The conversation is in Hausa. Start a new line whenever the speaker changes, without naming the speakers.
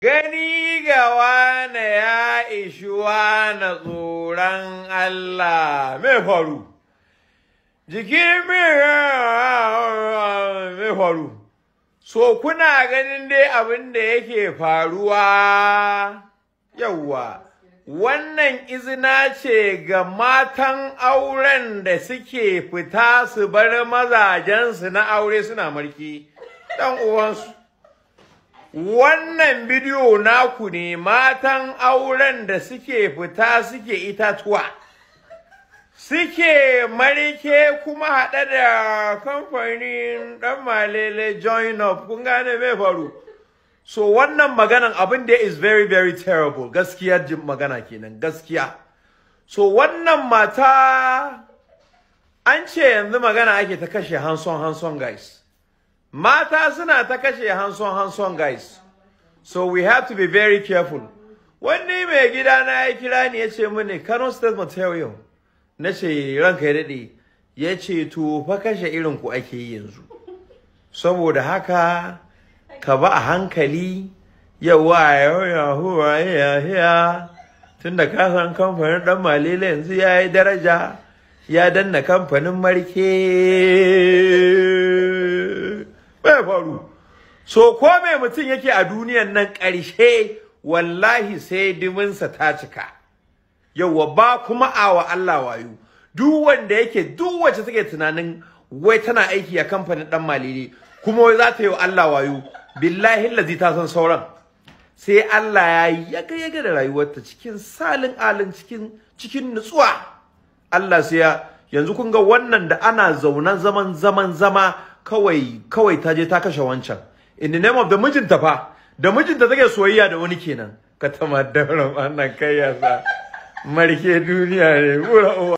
Gani ga wane ya ishi wane tsoron Allah mai faru, jikin mai faru, so kuna ganin dai abin da yake faruwa yauwa. Wannan izina ce ga matan auren da suke fita su bar mazajensu na aure suna marki, ɗan uwansu. wannan bidiyo naku ne matan auren da suke fita suke itatuwa suke marike kuma haɗe da kamfanin ɗan malele join up kun gane mai faru so wannan maganan abin da is very very terrible gaskiya magana kenan gaskiya so wannan mata an ce yanzu magana ake ta kashe hanson hanson guys mata suna ta kashe hanson hanson guys so we have to be very careful wani mai gida na ya kira ni ya ce mini Kano State Material na ce ranka ya daɗe ya ce to fa kashe irin ku ake yi yanzu saboda haka ka ba a hankali yawa yahu ya tun da ka san kamfanin dan malele yanzu ya yi daraja ya danna kamfanin marke faru so ko mai mutum yake a duniyan nan ƙarshe wallahi sai diminsa ta cika yauwa ba kuma awa Allah wayo duk wanda yake duk wacce take tunanin wai tana aiki a kamfanin dan malili kuma wai za ta yi wa Allah wayo billahi lazi ta san sauran sai Allah ya yi yaga yaga da rayuwarta cikin salin alin cikin cikin nutsuwa Allah sai ya yanzu kun ga wannan da ana zaune zaman zaman zama kawai kawai ta je ta kashe wancan in the name of the mijinta fa da mijinta take soyayya da wani kenan ka tamaddaran wannan kai yasa marke duniya ne